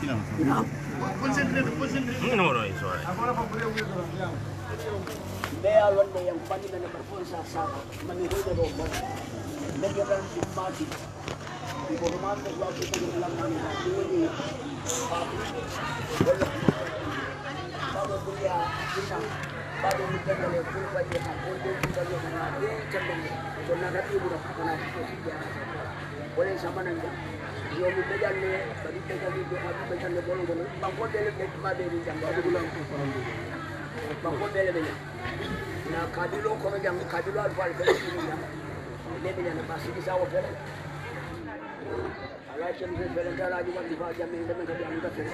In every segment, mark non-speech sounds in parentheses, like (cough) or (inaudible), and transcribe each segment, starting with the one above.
No. Concentrate, kita kita kita yombi ɓe ƴanne kadi ɓe kadi ɓe kadi ɓe ƴanne bono bono banko ɓele ɓe ma ɓe ɗin jamɓe aɗo gulan ko kono banko ɓele ɓe ñan na kabilo kono jam kabilo alfa alfa ɓe ɗin ñan ɓe ɓe ñan ma sigi sawo fere ala cem fe fere nda alaji wandi fa jamme nde men kadi amuda fere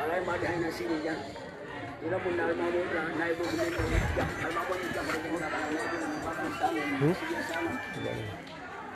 ala e maɗe hayna sigi jan ina mo na na mo na na e bo men jam alma ko jam ko na ba na ba ko sa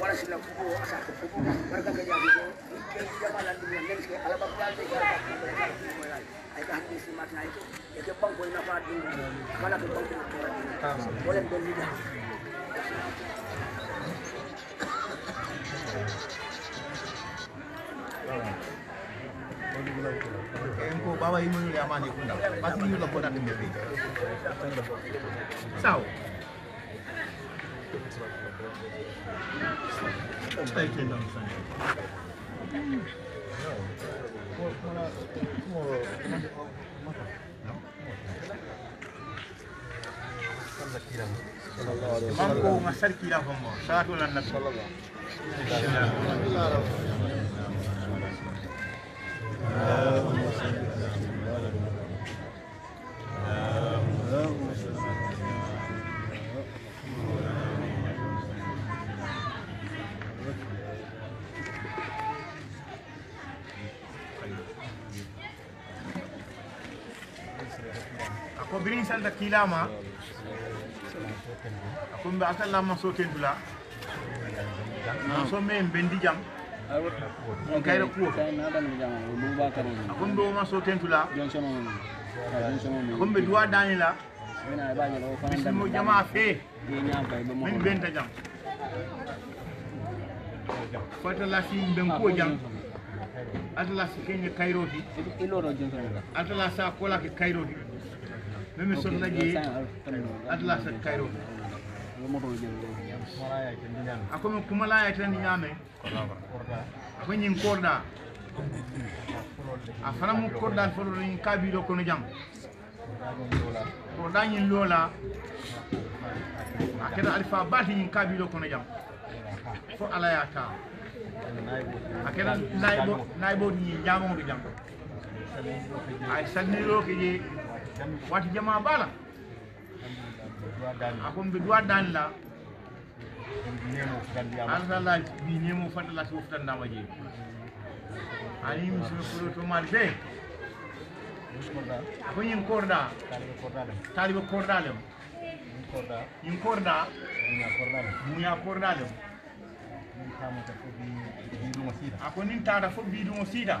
wala sila kubo sa kubo mereka kaya gitu kaya jamalan dunia menske ala bakal de ay kahit si mat na ito ikut bang boy na pa din wala ko bang kultura din wala bawa imo yung yaman yung kuna pati nyo saw Take your notes in. Mampu masar kira homo. Sahul anna sallallahu. Bismillahirrahmanirrahim. kilama aku mbak akan lama sokin dula na ah. so men bendi jam on kayra kuwo akumbe o ma so Aku mbak dua dani la Bismu jama afi, min benta jam fata la fi jam atala si Kairo di, atala sa kola ke di, Mimi somnaji Atlas at Cairo. Akome kumalaya tani nyame. Akwenye nkorda. Afana mu korda folo ni kabilo kono jam. Korda nyin lola. Akeda alifa bati nyin kabilo kono jam. Fo alaya ta. Akeda naibo naibo nyin jamo jam. Ay saniro ke je wati jama bala akon ɓe duwa dan la alsala bi ñemo fadala si woftandama jeeyi ani monsieur folo tomal be ko ñin korda taliɓe kordalem ñin korda muya kordalem a ako nin tata fof biɗumo siida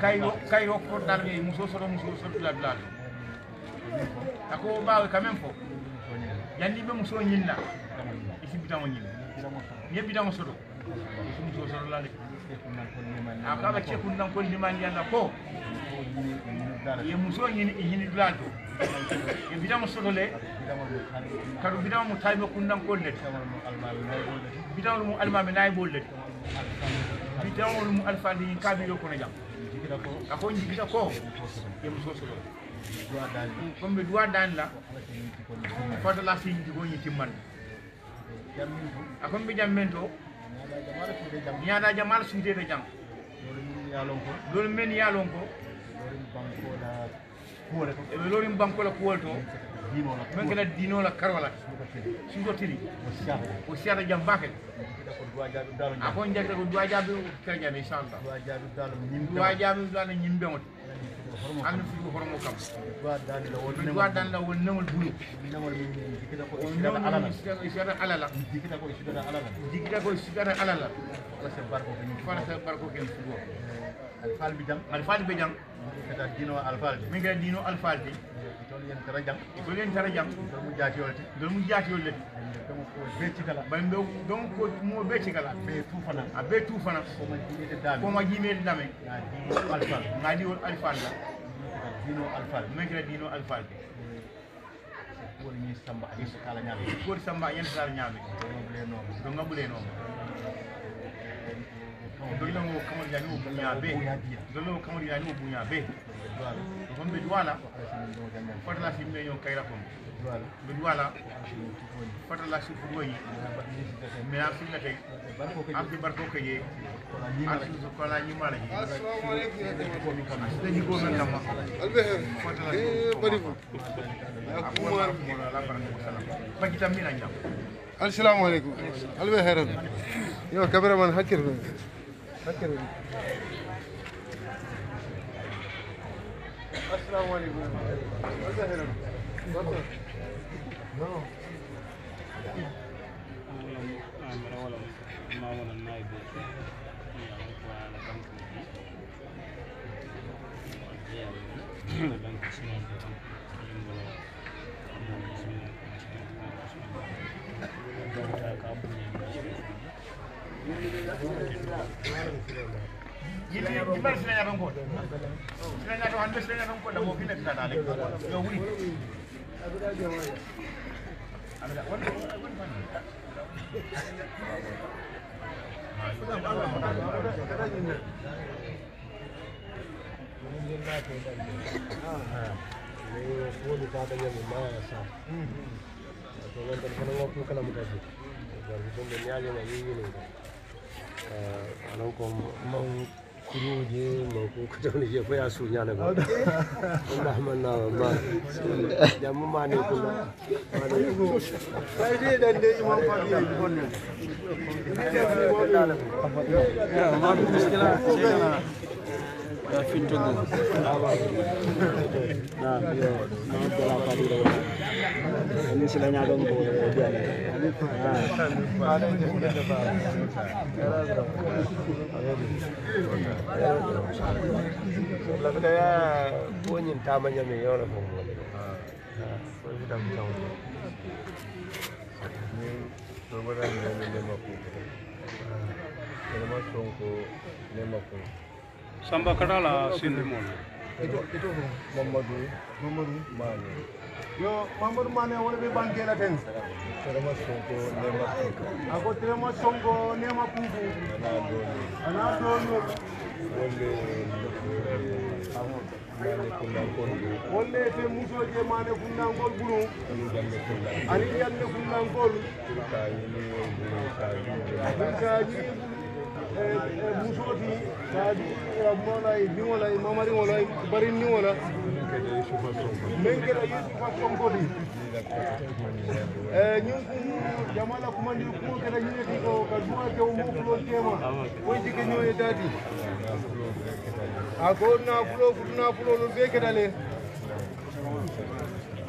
kayro kayro kodɗal ngey muso soto muso sottula dulade ako ɓawe quand même fo yandiɓe muso ñinna i sibbitamo ñinna ñebbitamo soto isi muso soto lade a kaɓa cekundankol ndimandi anda ko ye muso ñini i ñini dulade to e bidamo soto le kadu bidamo mo tawiɓe kundankol lete bidamol mum almaɓe nayibol lete Alpha đi, video bidaŋolu mu alifandii kaabiro kono jam a ko jigita ko ye musoo soto comme ɓe duwa daani la fota la fiñi ko ñi timmande a comme ɓe jam men to ñaada jamala suutede jam loolu men yaalon ko eɓe lorin banko la kuwol to من كلا دينو لا كرولا سنجو تيري وسيارة جنب باكل أكون جاك تقول دوا جابي كلا جابي سانتا دوا جابي دالا نيمبي موت أنا في هرمو كم دوا دالا ونمو البلو ونمو سيارة على لا ديكتا كوي سيارة على لا ديكتا كوي سيارة على لا فرسة باركو كن فرسة باركو كن سبوا الفال بجام الفال بجام من كلا دينو الفال من كلا دينو الفال بجام jol yen tara jam jol yen tara jam ngol mum jaatoyolte ngol mum jaatoyolleti gama ko beccikala ɓay ɓe gama ko mo beccikala ɓe tufana a ah, ɓe tufana koma jimede dame koma jimede dame ga diwol alfal ga diwol alfal la dino alfal mekira dino alfal de kuwol ñi samba añi kala ñaame kuwol samba añanta kala ñaame do ngabule nooma do ngabule nooma dɔgɔnɔ ko kamalen yanni o o bonya bɛ o kɔni bɛ fatala si min bɛ ɲɔgɔn kayira kɔnɔ bɛ fatala si furu ye mɛ an si lajɛ an tɛ barikaw kɛ ye an si a si la ala barakɛ wasala bakita min na ɲa. السلام عليكم هل بخير يا كبر من حكر فكر السلام عليكم وسهلا عامر اولا ما اولا النائب البنك البنك اسمه ili ibali silanya ɗon goɗo silanya ɗo hande silanya ɗon goɗɗa mo hine tinaɗale yo wuli woni tatañami maya sa to noon tan kono ngokku kala mo tagi ɓe ñañoma yewino ɗo 俺们讲，没有固定，没有固定那些不要输钱的吧？俺们那嘛，要么慢点，要么快点，快点，要么慢点，慢点。Nah, iya. ini silanya dong bu nah. nah, dia Samba Kadala, s i n d i Mall. Ito, ito m a m a d o m a m a d o Mane. Yo, m a m a d o Mane, wala be a n k e a ten. t e r m a Sonko, Nema Sonko. Ako t e r m a Sonko, m a Kuku. Anado. Anado. w a l Mane kundan o l b u Wale te muso je mane kundan k o l u no. Ani jamme n d a n Ani a m m e kundan k o l b a y i ni bulu a y i k l u musoti kadi rabbona e diwola e mamariwola e barinniwola min geɗa yusufa sonkoti e ñin kum jamala kumandi kuma geɗa ñineti ka duwa kew mofulo tema won jike ñoye dati a ko nafulo futu nafulo lol be geɗale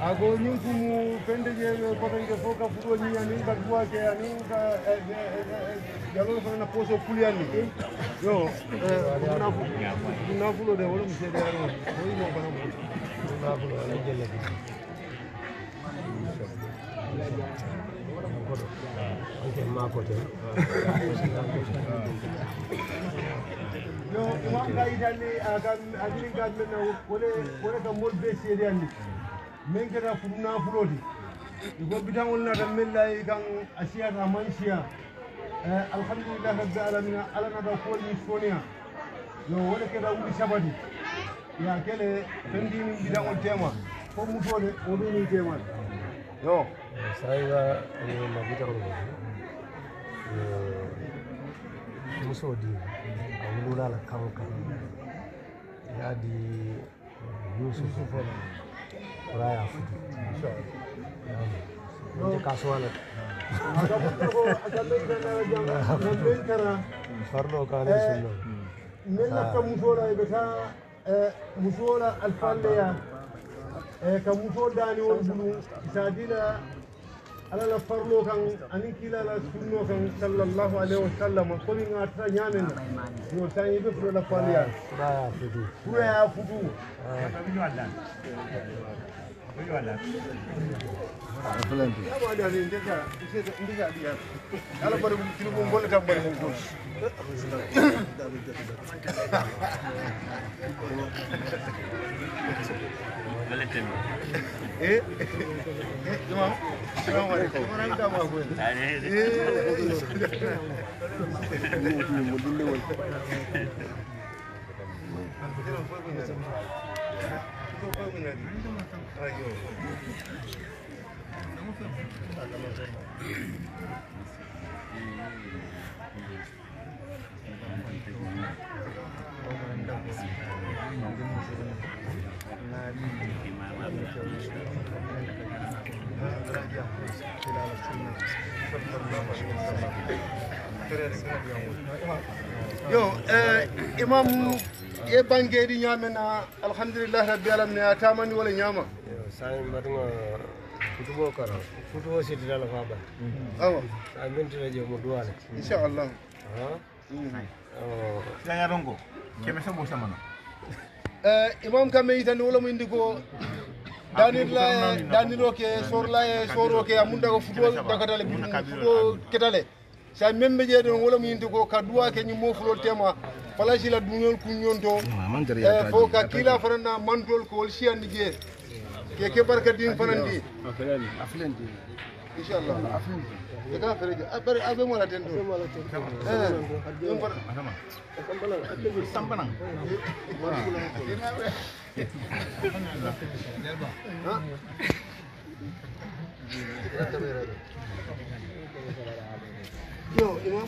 ako nyungu mupendeje patange soka fudo nyi ani bagwa ke ani ka jalo fana na poso kuli ani yo na na fulo de wala mse de ani hoyi no bana na fulo ala jelle ke Okay, ma kote. Yo, wanga idani agam agin gadme na wole wole ka molbe seri ani men keta furuna fuloti iko bitaŋol nata min layi kaŋ e a siyata man siya eh, alhamdulillahi rabbi alamina ala nata kuwol min soniya yo wo le keta wuli sabati ya kele fendinin bitaŋol tema fo musole wo duni temal yo sayiga eh, ma bitaŋol eh, muso di a wulula la kaŋo kaŋ yaa di yusufu ورايا ان شاء الله عندك عسولك فرلو قال يسلو من كمشولا يبتا مشولا الفاليا كمشول داني ونجلو سادينا ala la farlo kan ani kila la sunno kan sallallahu alaihi wasallam ko ni ngata nyame na yo tan yibe fro la falia ba fudu fuya fudu Kalau baru mungkin Eh, dulu. pergi nanti. Yo, uh, imam ye bangeri na alhamdulillah rabbi alamina a tamani wala ñama mm-hmm. mm-hmm. sa mbaɗgo futubo eh, kara futubo sittitala fa bat awa sa mintita je mo duwale inchallah jañaton ko keme sembo samana imam kamme yitande wala mo indi ko danirla daniro ke sorla e soro ke amunda ko futubo dakatale futubo ketale sa membe jeeɗen wala mo yindi ko ka duwa ke ñimmo fulol tema falasila duñol kuñon to fo ka kila fanana mantul ko wol siyandi jee ke ke barka din fanandi aflendi inchallah e ka fere je abare abe mo la ten do eh yo imam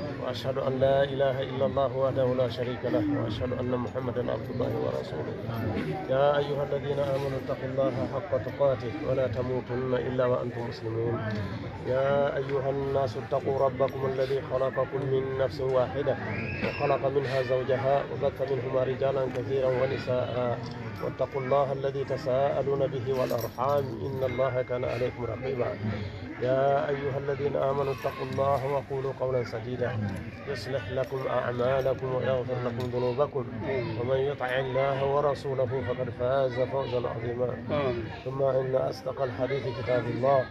وأشهد أن لا إله إلا الله وحده لا شريك له وأشهد أن محمدا عبد الله ورسوله يا أيها الذين آمنوا اتقوا الله حق تقاته ولا تموتن إلا وأنتم مسلمون يا أيها الناس اتقوا ربكم الذي خلقكم من نفس واحدة وخلق منها زوجها وبث منهما رجالا كثيرا ونساء واتقوا الله الذي تساءلون به والأرحام إن الله كان عليكم رقيبا يا أيها الذين آمنوا اتقوا الله وقولوا قولا سديدا يصلح لكم أعمالكم ويغفر لكم ذنوبكم ومن يطع الله ورسوله فقد فاز فوزا عظيما ثم إن أصدق الحديث كتاب الله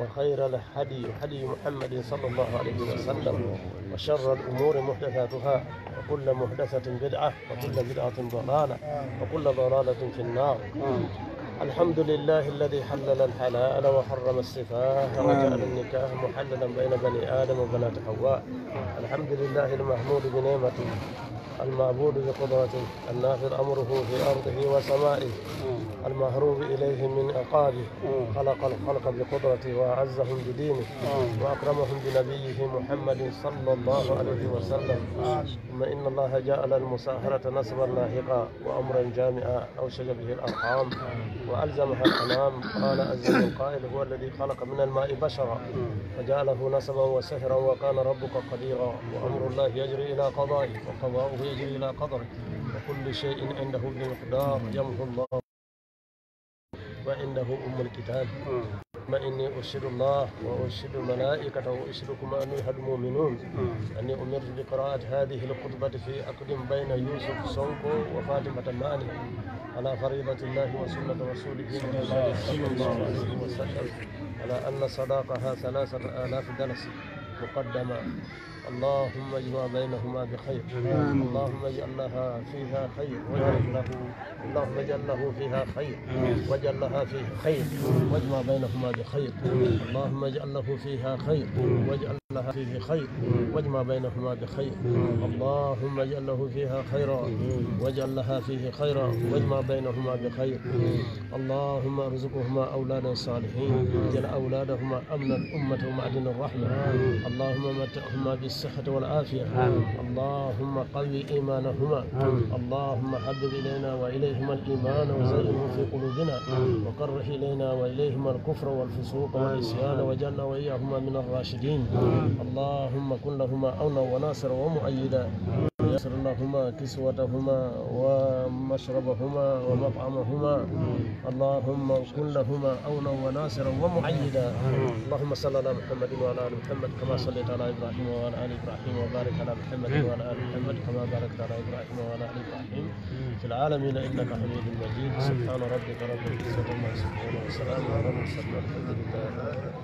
وخير الهدي هدي محمد صلى الله عليه وسلم وشر الأمور محدثاتها وكل محدثة بدعة وكل بدعة ضلالة وكل ضلالة في النار الحمد لله الذي حلل الحلال وحرم السفاه وجعل النكاح محللا بين بني ادم وبنات حواء الحمد لله المحمود بنعمته المعبود بقدرته النافذ امره في ارضه وسمائه المهروب إليه من عقابه خلق الخلق بقدرته وأعزهم بدينه وأكرمهم بنبيه محمد صلى الله عليه وسلم ثم إن الله جعل المساهرة نسبا لاحقا وأمرا جامعا أوشج به الأرحام وألزمها الأنام قال عز القائل هو الذي خلق من الماء بشرا فجعله نسبا وسهرا وكان ربك قديرا وأمر الله يجري إلى قضائه وقضاؤه يجري إلى قدره وكل شيء عنده بمقدار يمحو الله وإنه أم الكتاب ما إني أشهد الله وأشهد الملائكة وأشهدكم أني المؤمنون أني أمرت بقراءة هذه الخطبة في أقدم بين يوسف صوكو وفاطمة ماني على فريضة الله وسنة رسوله صلى الله عليه وسلم على أن صداقها ثلاثة آلاف درس مقدمة اللهم اجمع بينهما بخير اللهم اجعل لها فيها خير واجعل له اللهم اجعل له فيها خير واجعل لها فيها خير واجمع بينهما بخير اللهم اجعل له فيها خير واجعل فيه خير واجمع بينهما بخير اللهم اجعل له فيها خيرا واجعل لها فيه خيرا واجمع بينهما بخير اللهم ارزقهما اولادا صالحين اجعل اولادهما امن الامه ومعدن الرحمه اللهم متعهما بالصحه والعافيه اللهم قوي ايمانهما اللهم حبب الينا واليهما الايمان وزينه في قلوبنا وكره الينا واليهما الكفر والفسوق والعصيان واجعلنا واياهما من الراشدين اللهم كن لهما أونا وناصرا ومؤيدا يسر لهما كسوتهما ومشربهما ومطعمهما اللهم كن لهما أونا وناصرا ومؤيدا اللهم صل على محمد وعلى آل محمد كما صليت على إبراهيم وعلى آل إبراهيم وبارك على محمد وعلى آل محمد كما باركت على إبراهيم وعلى آل إبراهيم في العالمين إنك حميد مجيد سبحان ربك رب العزة عما يصفون وسلام على المرسلين والحمد لله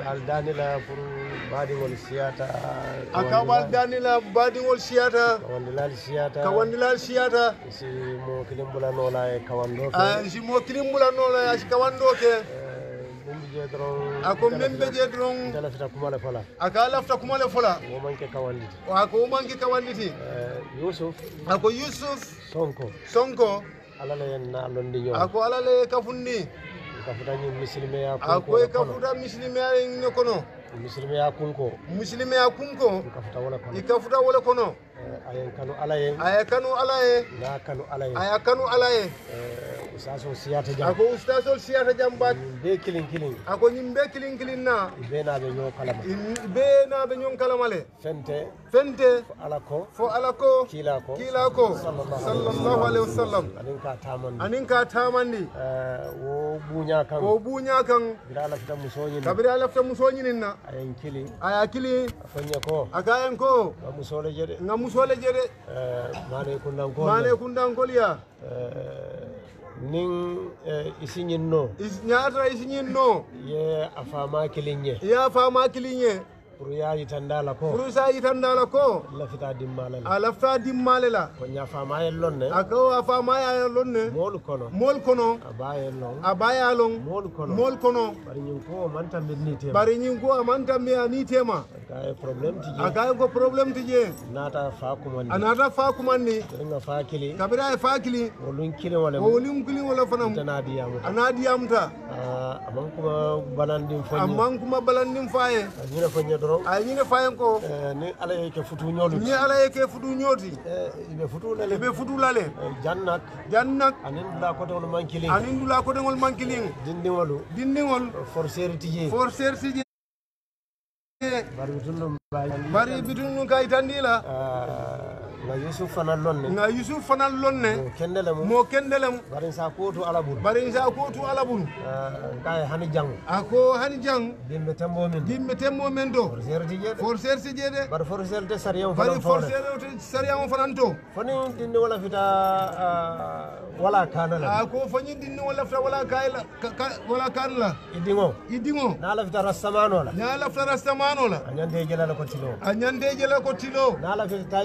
aldanila pour baadiŋol siyata aka ah, aldanila baadiŋol siyata kawandilal siyata kawandilal siyata si mo kilim bulanola e kawando ke ah, si mo kilim bulanola e kawando ke eh, ako min be je dron lafta kuma le fola aka lafta kumale le fola o manke kawanditi ako o manke kawanditi eh, yusuf ako yusuf sonko sonko alala yen na londi ñoo ako alala kafundi ikafuta nyinyi misilimea kunko akwekafuta misilimea ingine kono misilimea kunko misilimea kunko kafuta wala kono ikafuta wala kono eh, ayenkanu alaye ayekanu alaye nakanu alaye ayakanu alaye eh ustazol siyata jam ako ustazol siyata jam bat be kilin kilin ako ñim be kilin kilin na be na be ñoo kalama be na be ñoo kalama le fente fente fo eh, ala ko fo ala ko kila ko kila ko sallallahu alaihi wasallam anin ka tamandi anin ka tamandi wo buña kan wo buña kan bira lafta musoñi kabira lafta musoñi ninna ayen kili aya kili fanya ko akayen ko nga musole jede nga musole jede eh, mane kundan ko mane kundan ko liya eh, nin eh, isiñin no ñaata isiñin no ye Afama fama kilinñe ye Afama fama kilinñe pour tandala ko pour tandala ko lafita dimmale la a lafita dimmale la ko fama ya lonne a ko fama ya lonne mol kono mol kono abaya bayen lon a baya lon moolu kono mol kono bari ñin ko mantambe ni tema bari ñin ko mantambe ani tema kaye problem tije a kaye ko problème tije nata fa kumandi a nata fa kumandi nga fa kili kabira fa kili wolun kili wala wolun kili wala fanam tanadi yamuta anadi yamuta ah aman kuma balandin fanye amman kuma balandin faye anyina fanye doron anyina fayen ko eh, ni ala yake futu ni ala yake futu nyoti eh, ibe futu lale ibe futu lale eh, jannak jannak anin dula kote ngol mankilin anin dula kote ngol mankilin dindingolu dindingol forcer tije forcer tije bari bitun bari bitun kay tandila ah nga yusuf fana lonne nga yusuf fana lonne mo kendelem mo kendelem mo barin sa kotu barin sa kotu alabul ah, kay hani jang ako hani jang dimbe tembo men dimbe tembo men do forcer ti jede forcer jede bar forcer te sariya mo fana forcer te sariya mo fana to fani dinne ah, wala fita wala kanala ako fani dinne wala fita wala kayla wala kanla idingo idingo na la fita la na la fita la anyande jela ko tilo anyande jela ko tilo na la fita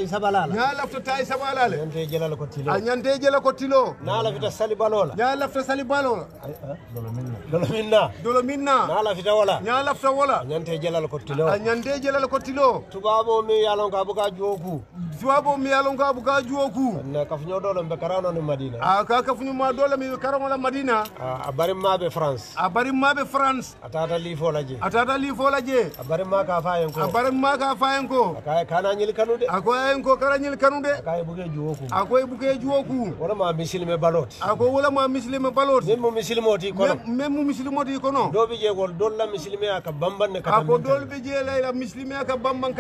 lafta tay sabalale ñande jela ko tilo a ah, ñande jela ko tilo na lafta sali balola ña lafta sali balola eh, eh? dolo minna dolo minna dolo minna na lafta wala ña lafta wala ñande jela ko tilo a ah, ñande jela ko tilo tubabo mi yalon ka buka joku tubabo mi yalon ka buka joku na kafunyo dolo be karano ni madina a ah, ka kafunyo ma dolo mi karano la madina a bari mabe france a bari mabe france atata lifo la je atata lifo la je a bari ma ka fayen ko a bari ma ka fayen ko akay kana nyil kanude akoyen ko kara nyil misili kanu de buke juwo ku buke juwo ku wala ma misili balot ako wala ma misili balot kono kono do bi je gol dol la aka bamban ako dol bi je layla aka bamban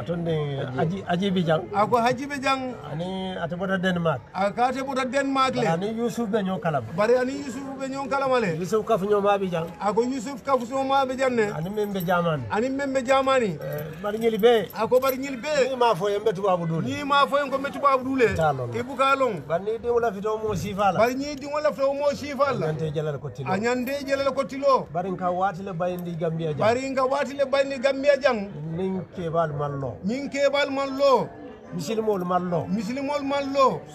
atonde aji ajibi jang ako hajibe jang ani ateboda denmark aka ateboda denmark le ani yusuf be nyon kalam bare ani yusuf be nyon kalam le yusuf kafu nyon mabi jang ako yusuf kafu so mabi jang ne ani membe jaman ani membe jamani eh, bari nyeli be ako bari nyeli be ni ma fo yembe tubabu dule ni ma fo yembe tubabu dule ibu kalon bani di wala fito mo sifala bari ni di wala fito mo sifala anyande jelal ko tilo anyande jelal ko tilo bari ka watile bayndi gambia jang bari ka watile bayndi gambia jang nin kebal mallo lo ñing kebal mallo, lo misilmol man lo misilmol man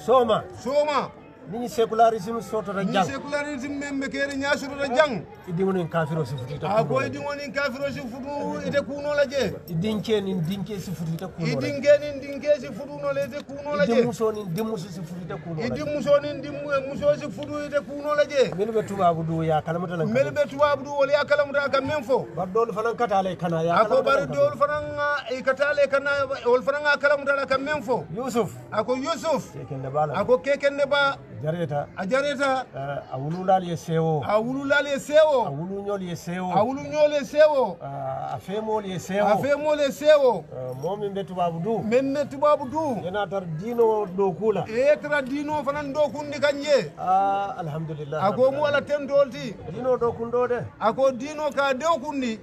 soma soma ni sécularisme sotota jang ni sécularisme membe kere ñasurota jang idi wonin kafiro si futu ta ah, ko idi wonin kafiro si futu ite kuno la je idin keni dinke si futu ta kuno idin keni dinke si futu no le ite kuno la je idin muso ni dimmu si futu ta kuno idin muso ni dimmu muso si futu ite kuno la je mel be tuba abdu ya kalamata lan mel be tuba abdu wol ya kalamata kam men fo bar dol fanan katale kana ya ako bar dol fanan e katale kana wol fanan kalamata la kam men fo yusuf ako yusuf keken ne ako keken ne ba jareta a jareta uh, eh, a wululal ye seewo a wululal ye seewo a wuluñol ye sewo a wuluñol ye seewo a eh, femol ye seewo a femol ye seewo uh, eh, min be tubaabu du min be tubaabu du yana tara diino do kula e tara dino fanan do kan kanje ah alhamdulillah ako mu ala tem dolti dino do kundo de ako diino ka de kundi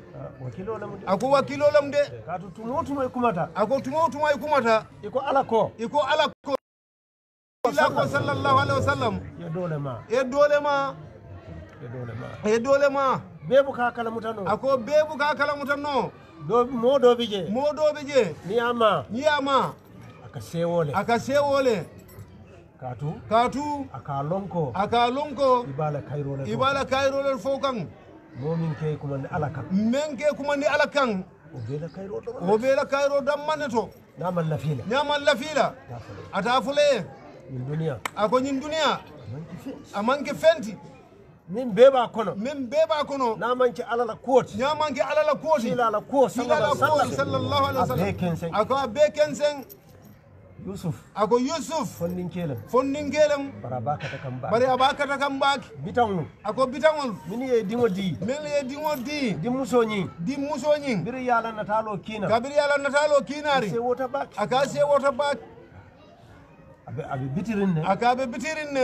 ako wakilo lam de kato tuma tumay kumata ako tuma tumay kumata iko ko iko ko ko sallallahu alaihi wasallam ya dole ma ya dole ma ya dole ma ya dole ma bebu ka kala mutano ako bebu ka kala mutano do mo do bije mo do bije niyama niyama aka sewole aka sewole katu katu aka lonko aka lonko ibala kairole ibala kairole fo kan momin ke kuma ni alakan men ke kuma ni alakan o bela kairo dammanne to ñaman lafila ñaman lafila ata fuleye ñin duniya a ko ñin duniya a fenti min beba kono min beba kono na manke alala kuwoti ña manke alala kuwoti silala kuwo silala kuwo sallallahu alaihi wasallam a ko a be kensen yusuf ako yusuf fondinkelem fondinkelem bara bakata kam bak bara bakata kam bak bitangol ako bitangol min ye dingo di min ye dingo di di musoñi di musoñi bir yala natalo kina kabir yala natalo kinari se wota bak aka se wota bak aɓe bitirinne aka aɓe bitirinne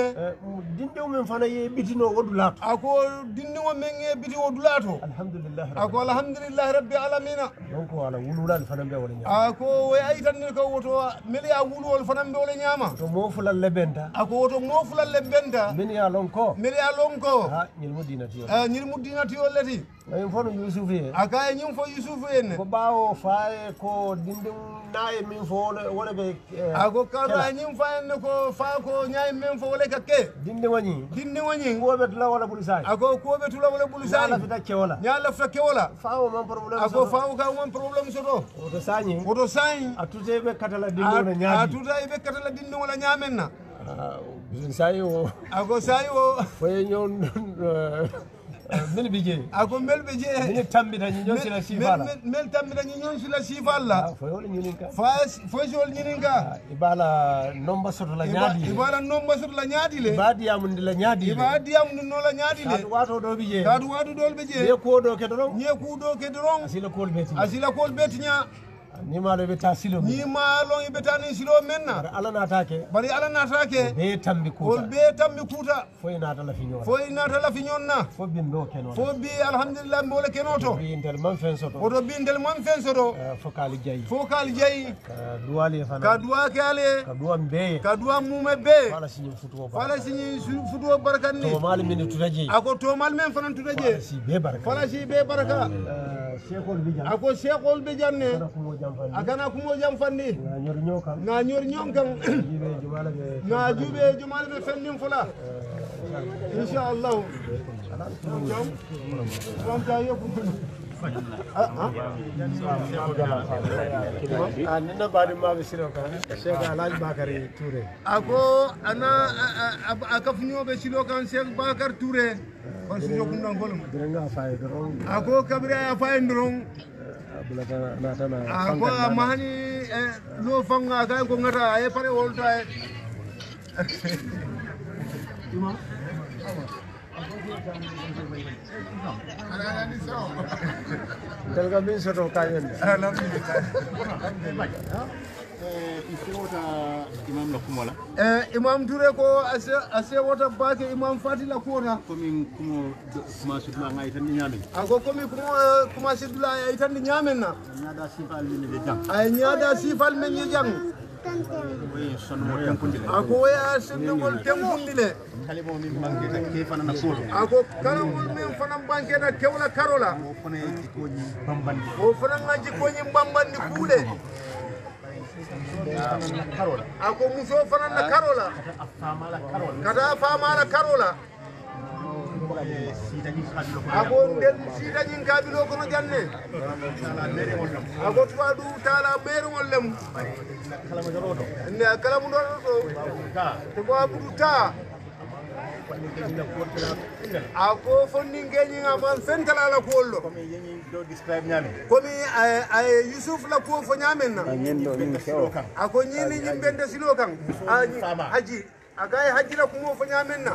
dinɗiw eh, min mm, fana ye bitino wodulato ako dindiwo men ye biti wodulato alhamdulillah ako alhamdulillah rabbi alamina donc ala wululal fana mbe wole ñama ako o ayitannir ko woto mili a wulwol fana mbe wole ñama to mofulal le benta ako woto mofulal le benta min ya lon ko mili a lon ko ñilmu dinatiyol ñilmu eh, dinatiyol leti ñin fo no yusuf ye aka e ñin fo yusuf yenne ko ɓawo faaye ko dindiw naye min fo wole ɓe eh, ako kata ñin faye men ko faako ñaami men fo wala kakke dindi wani dindi wani kuobe tula wala bulisani ako kuobe tula wala bulisani la fita kewola ñala fita kewola faawo man problème ako faawo ka man problème soto woto sañi woto sañi a tuta ibe katala dindi wala ñaami a tuta ibe katala dindi wala ñaamen na ah, sayi wo ako sayi wo foye (laughs) eh, Eh, min bi jee ako mel be jee min tambita ñiñon sila sifala mel tambita ñiñon sila sifala ah, foyol ñininka fas foyol ñininka ah, ibala nomba soto la ñaadi ibala nomba soto la ñaadi le la ñaadi iba di am no la ñaadi le wato do bi jee kadu wato do be jee ñe kuwo do ke doron ye ko do ke doron asila kol beti asila kol beti ni malo e be ta silo ni malo e be ta ni silo menna na ala na ta bari ala na ta be tambi kuta wol be tambi kuta foy ina e ta la finyon foy ina ta la finyon na fo bi ndo keno fo bi alhamdulillah le keno to bi ndel man fen soto o do bi ndel man fen soto eh, fo kali jayi fo kali jayi duwali fa fana ka duwa kale ka duwa mbe ka duwa mume be wala sinyi futuo wala sinyi futuo ni to mal min tutaje ako to mal men fana wala si be barka wala si be barka eh, ako seekol ɓe janne a kana kumo jam fanndi na ñori ñon kam na juuɓe jumale ɓe fenndin fula inchallahu jam jam ta yokku Aku, baɗi maɓe sino ka cheikh mahani aye pare (laughs) Dalga bin soto kayen. imam la kumo la eh imam ture ko ase ase wota bake imam fati la kona komin kumo kuma sudula ngai tan ni nyamen ago komi kumo eh, kuma sudula ay tan di nyamen na nyada sifal men ni jang ay nyada sifal men ni jang ako ya sendengol tengkundile ako kala mol min fana bankena kewla karola o fana ga jikoñi bambandi kule ako muso fana na karola kata famala karola ako nden sitañin kabilo kono janne ako tuwa du tala ɓerewol lemu nde kala mu ɗoɗoto te bo abudu taa ako ko fonni ngeñi nga man fen la ko lo comme yeñi eh, eh, yusuf la ko fo ñamen na ako ñini ñi bende silo kan aji agaye hajjira kumwofanya menna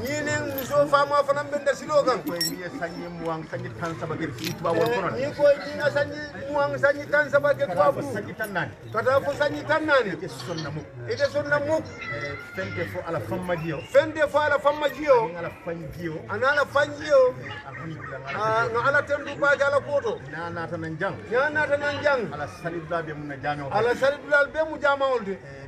nyine nzofama fana benda silokan niko idinga sanyi muang sanyi tan sabake twafu katafo sanyi tan nani ite sonna muk fende fo ala famma jiyo fende fo ala famma jiyo ana ala fanjiyo nga ala tendu ba jala koto nanata nan jang nanata nan jang ala salibdulal be mu na jamo ala salibdulal be mu jamaolde eh.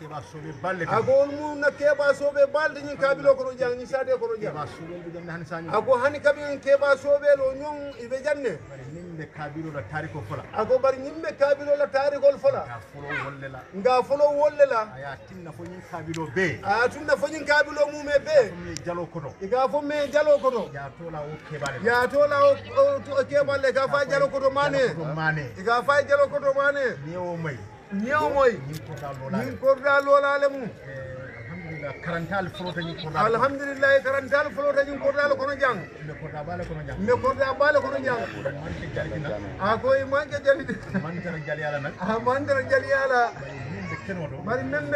keba sobe mu na keba sobe balde nyin kabilo ko jang ni sade ko jang keba sobe be ago hani kabi nyin keba sobe lo nyon ibe janne nimbe kabilo la tariko fola ago bari nimbe kabilo la tariko fola ya folo wolle nga folo wolle la aya tinna fo nyin kabilo be a tinna fo nyin kabilo mu me be mi jalo kono iga fo me jalo kono ya tola o kebale ya tola o kebale ga fa jalo kono mane mane iga fa jalo kono mane ni o mai ñew moy por korda lola le mu karantal flota ñin korda alhamdulillah karantal flota ni korda kono jang ni korda bala kono jang me korda bala kono jang a koy jali ala man jali ala bari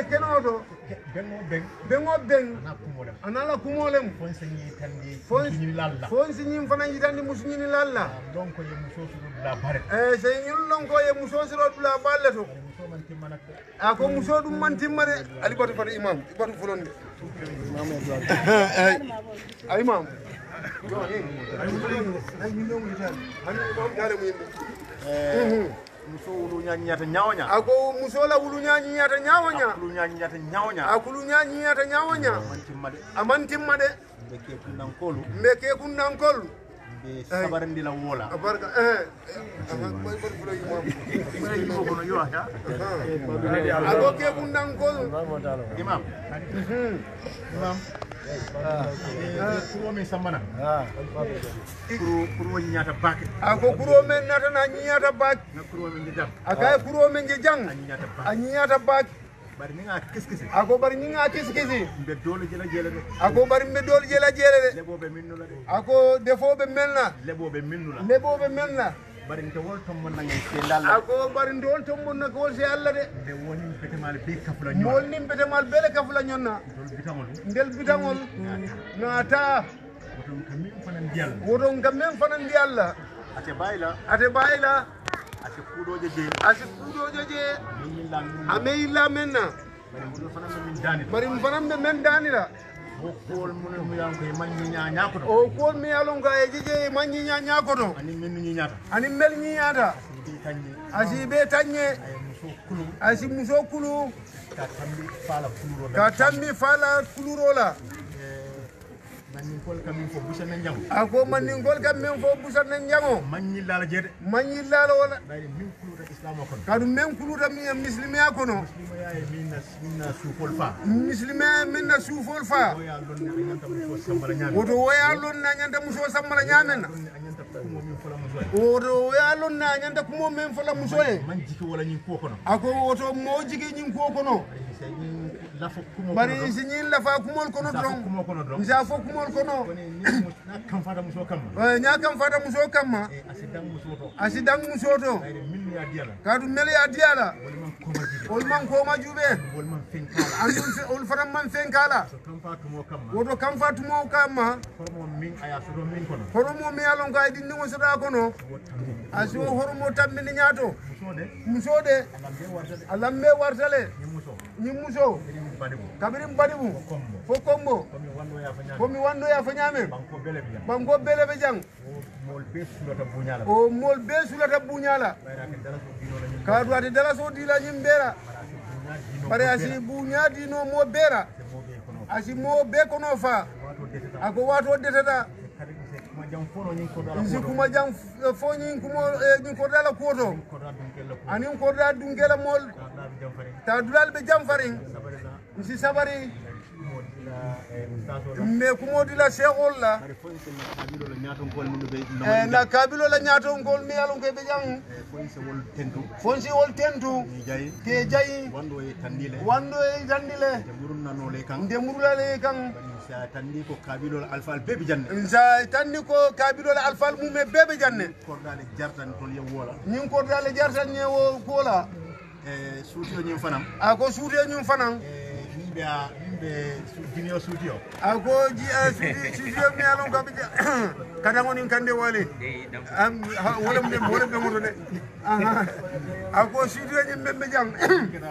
ben o ben ana la kumo lem fon si ñin fana yitandi musu ñini lalla e sey ñin lon ko ye muso siro dula balle to a ko muso ɗum man timma de ali batu batu imam batu fulonde a imam yo ay ay ñi ñoo ngi tan hani imam dale mu yimbe muso wuluñaññata musola ako musola la wuluñaññata ñawoña akuluñaññata ñawoña akuluñaññata ñawoña amantimma de amantimma de mbe kekundankolu mbe kekundankolu mbe sabarandi la wola barka eh, eh, eh ako kekundankolu imam mhm. imam aku min sammana kuro kuro woni ñaata baake a ko kuro men natana ñiñata baake na a kis kisi men je a ñiñata baake bari ni nga kiskisi ako bari ako bari ako defo be melna Ma non è nanggen se allah ako mbaɗinte wol tombon nagge wol se allah de nde woni betemal be kafla ñon wolni betemal bele kafla ñonna ndol bitagol ndel bitagol naata woton kam min fanan ndi allah woton kam min fanan ndi allah ate bayla ate bayla ate kuuɗoje jee ate kuuɗoje jee ameyilla men okol mune muyanko e manñiña ñakoto o kol mi alonka e jije e manñiña ñakoto ani mel ñiñata ani mel ñiñata asi be tañe asi muso kulu ka tambi fala kuluro la manñinkol kam min fof busan men jango a ko manninkol kam min men jango wala kadu min kuluta mi muslime a kono muslima e minna minna suufol fa muslime e minna suufol fa woto woya lonni a ñanta muso sambala ñamen na woto woya kumo min fola muso man jiki wala ñin kuo ako woto mo jiki ñin kuo bari siñin lafa kumol kono dron nja fo kumol kono ña kam fata muso kamma asi dang muso kaɗum meleya diyala ol man koma juuɓe andum ol fana man fen kala woto kam fa tumowo kamma horomo mi alon ko ayɗin ndigo soɗa kono a so horomo tammini ñaato musode alambe wartale ñim muso kabirim baɗiɓu fo kombo komi wannoya fo ñaame banko bele ɓe jang o mol be sulata buñala kaatu oh, ate dalaso la ñim beera bare asi buña dino mo beera asi mo be kono faa ako waato detata nsi kuma jam eh, fo ñin kumo eh, ñin kordala kuwoto anin korda dunkela mool ta dulal be jam farin nsi sabari mais kumodila sekhol la eh, na kabilo la ñatonkol mi yalon koy ɓe jang fonsi wol tentu ke jayi wando e tandile nde murulale kan tandi ko kabilol alfal beɓe janne sa tandi ko kabilol alfal mume beɓe janne kordale jartan tol ye wola ñin kordale jartan ñe wo kola eh, suutiyo ñin fanam eh, a ko suutiyo ñin fanam ɓe be jiniyo sutiyo ako ji sutiyo mi alon ka bija kada ngoni kande wale am wala mbe wala mbe mo de aha ako sutiyo ni mbe jang kada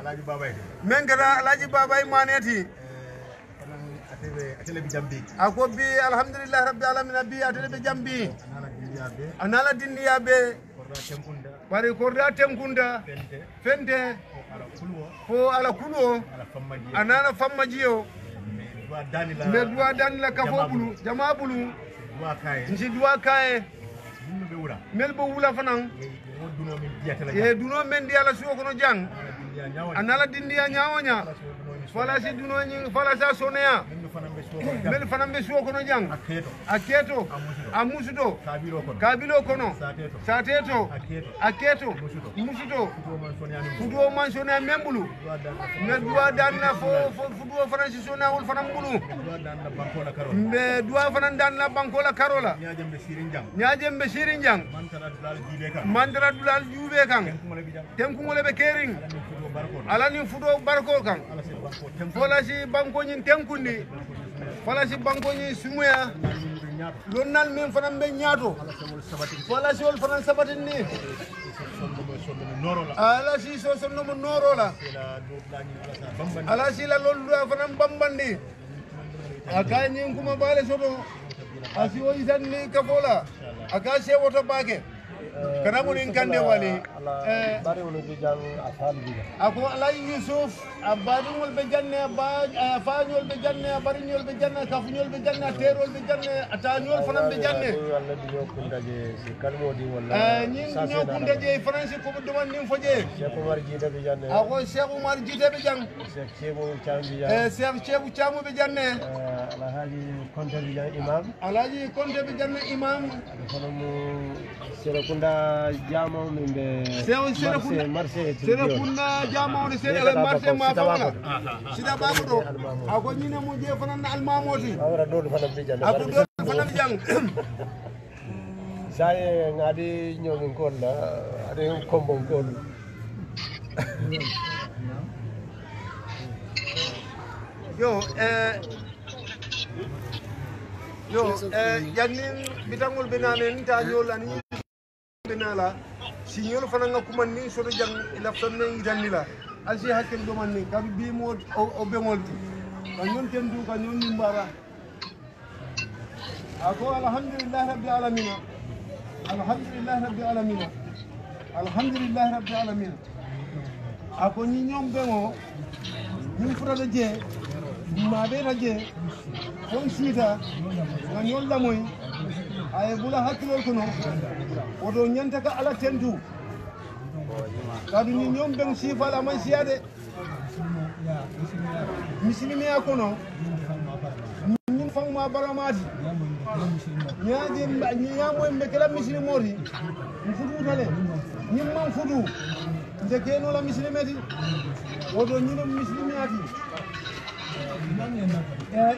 alaji babay men eh, kada alaji babay maneti atele bi jambi ako bi alhamdulillah rabbil alamin lebih atele bi jambi anala dindiya be korda tenkunda bari korda tenkunda fente fente fo ala kuluwo a famma jiyo mbe duwa la kafo bulu jama bulu nsi duwa kaye mel bo wula fanan ye duno men di ala suwo kono jang anala dindiya ñawo ña falasi duno ñing falasa soneya mel fana be suwo kono jang a keto a musuto kabilo kono sateto a keto musuto futuwo man soneya men bulu mbe duwa danna fo futuwo fana si soneya wol fana mbulu mbe duwa fana banko la karola ñajem be sirin jang mantara dulal juube kan tenkumole be kerin alanin fudo barko kan folasi bankoñin tenkundi folasi bankoñin sumuya lonnal min fanan be ñaato folasi wol fanan sabatin ni ala si so sonnomo norola ala si la lolluɗa fanan bambandi a kañin kuma baale soto a siwo itan ni kafola a ka sewoto baake kana munin kan de wali bari wala be eh. jang afal bi ako alay yusuf abadun wal be janne ba eh, fañol be janne bariñol be janne kafuñol be janne terol be janne atañol fanam be janne ñin eh, ñoo kunta je france ko do man nim foje cheikh umar jita be janne ako cheikh umar jita be jang cheikh chebu cham be janne cheikh chebu cham be janne alhaji konte be janne imam alhaji konte be janne imam fanam sera kun saya ngadi nyomin konda ada yang kombong yo eh yo eh jangin bitangul binane nita dina la si ñol fana nga kuman ni so do jang ila fana ngi janni la al si hakken do man ni kam bi mo o be mol ti kan ñon ken du kan ñon nimbara ako alhamdulillah rabbil alamin alhamdulillah rabbil alamin alhamdulillah rabbil alamin ako ñi ñom be mo ñu fura la je ma be la je kon suita nga ñol la moy aye bula hakkilol kono oto ñanta ka ala tentu kadi ni ñoom ɓen siifal aman siya ma misilimeya kono ñin fangma baramati ñaje ñamoye mbekela misilimoti m futuutale ñin man futu nde kenola misilimeti woto ñinom misilimeyati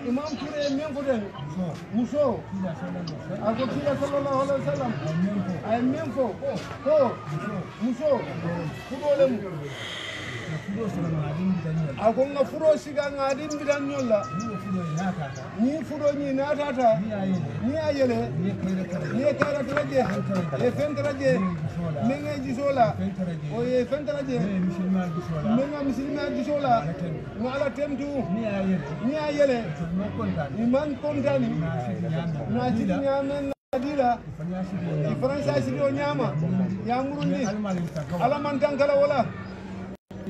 امام كوري من كوري موسو اكو كيلا صلى الله عليه وسلم امين فو فو موسو كودو لمو a ko n furo siga nka a di n bila la ni furo ɲi n'a ta ta ni y'a yɛlɛ ni ye kɛra tɛrɛ jɛ ye fɛn tɛrɛ jɛ min kɛ jiso la o ye fɛn tɛrɛ jɛ min ka misilimaya jiso la nka ala tɛ tu ni y'a yɛlɛ i man kontani na sigi ɲaamɛ dila i fana sa sigi o ɲaama yamurundi ala wala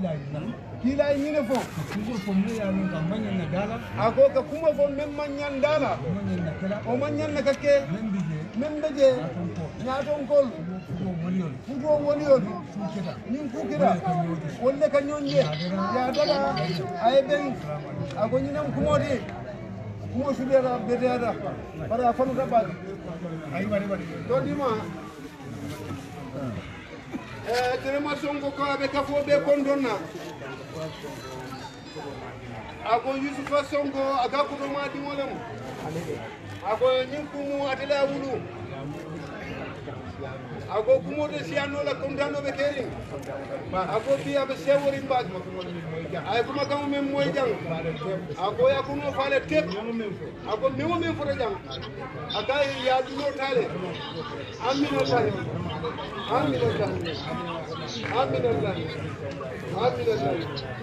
kila ina kila ina fo kuma fo mu ya mun kan manyan na dala ako ka kuma fo men manyan dala manyan na kala o manyan na kake men bije men bije nya ton kol fudo woni yodi nin kukita wolle ka nyonje ya dala ay ben ako nyinam kumodi kuma sudera bedera bara fanu ka ba ay bari bari to dima Eh, telema songo ka ɓe ka fo ɓe kondonna ako yusufa songo aga koɗoma diŋolem ako ñin kumu atele a wulu Ako kumode si ano la kumdano be kering. Ako bi abe se worin baj. Ay kuma kamu mem moy jang. Ako ya kuno fale tep. Ako memo mem fure jang. Aka ya duno tale. Amino tale. Amino tale. Amino tale. Amino tale.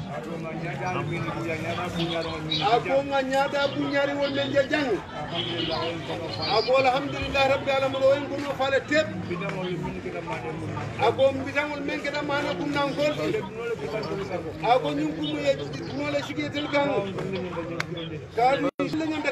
a a agonga ñaaɗa buñaari wonde je jang ago alhamdulillah rabbi alamano en gonno faale teɓ ago mbitagol men keɗa mana gumnankol ago ñum gummuye nole sigetel kango kaɗ leñonde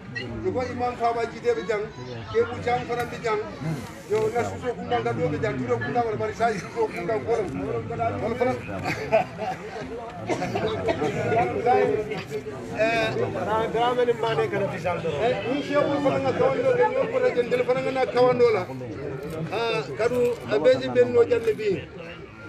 jogo imam faba jide bijang, jang ke bu jang fana be jang yo na suso kunda da do be jang duro kunda wal bari sai suso kunda wal wal fana eh da men mane kana fisal do eh in she wal fana na do do ke yo ko na jendel fana na ah kadu abeji ben no jalle bi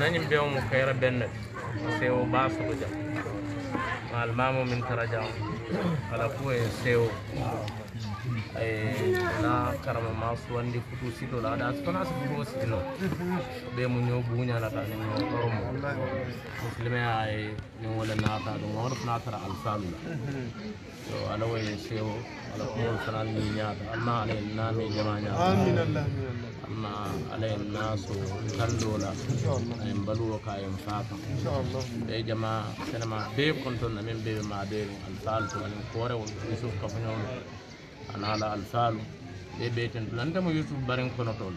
nañum bewmo koyra bennde sewo basogo jam ma almamo min tara jam ala fo e sewo na karama ma suwandi futu sito la da su kana su futu sito no be mu nyo bunya la ta ni mo toro mo muslime ay ni wala na ta do mo na tara al salu yo ala waye sewo ala kumol fanal mi ñaata alma ala en naami jama ñaata alma ala en naaso kallola ayen mbaluwo ka en faaka be jama senema be konton amin be ma al alfalu to anen koorewol yusuf kafañowno an haala alfalu ɓe ɓeyten tulantemo yusuf baren kono toon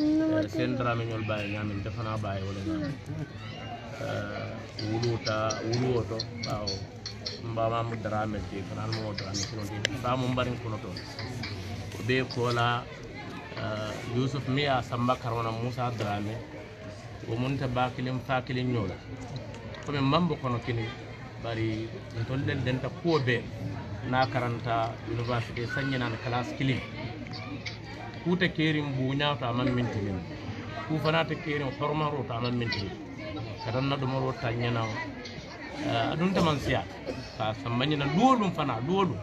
eh, sendrameñol ɓaye ñamin defana ɓaye wala ñamin wuluta eh, wuluwo to ɓaawo mbamamo drame de kananmoo drame sinode famo mbarin kono toon ɓe koola uh, yusuf mi a samba karona moussa drame o munta bakilin fakilin ñoola komi mambo kono kini bari tollen denta kuwo bee na karanta université saññinani classe kilin kuuta keerin buuña to aman mintinin kufanata keerin hormaro to aman mintinin katanna ɗumoro taññanan aɗum ah, man siya sa sambañina luwolum fana luwolum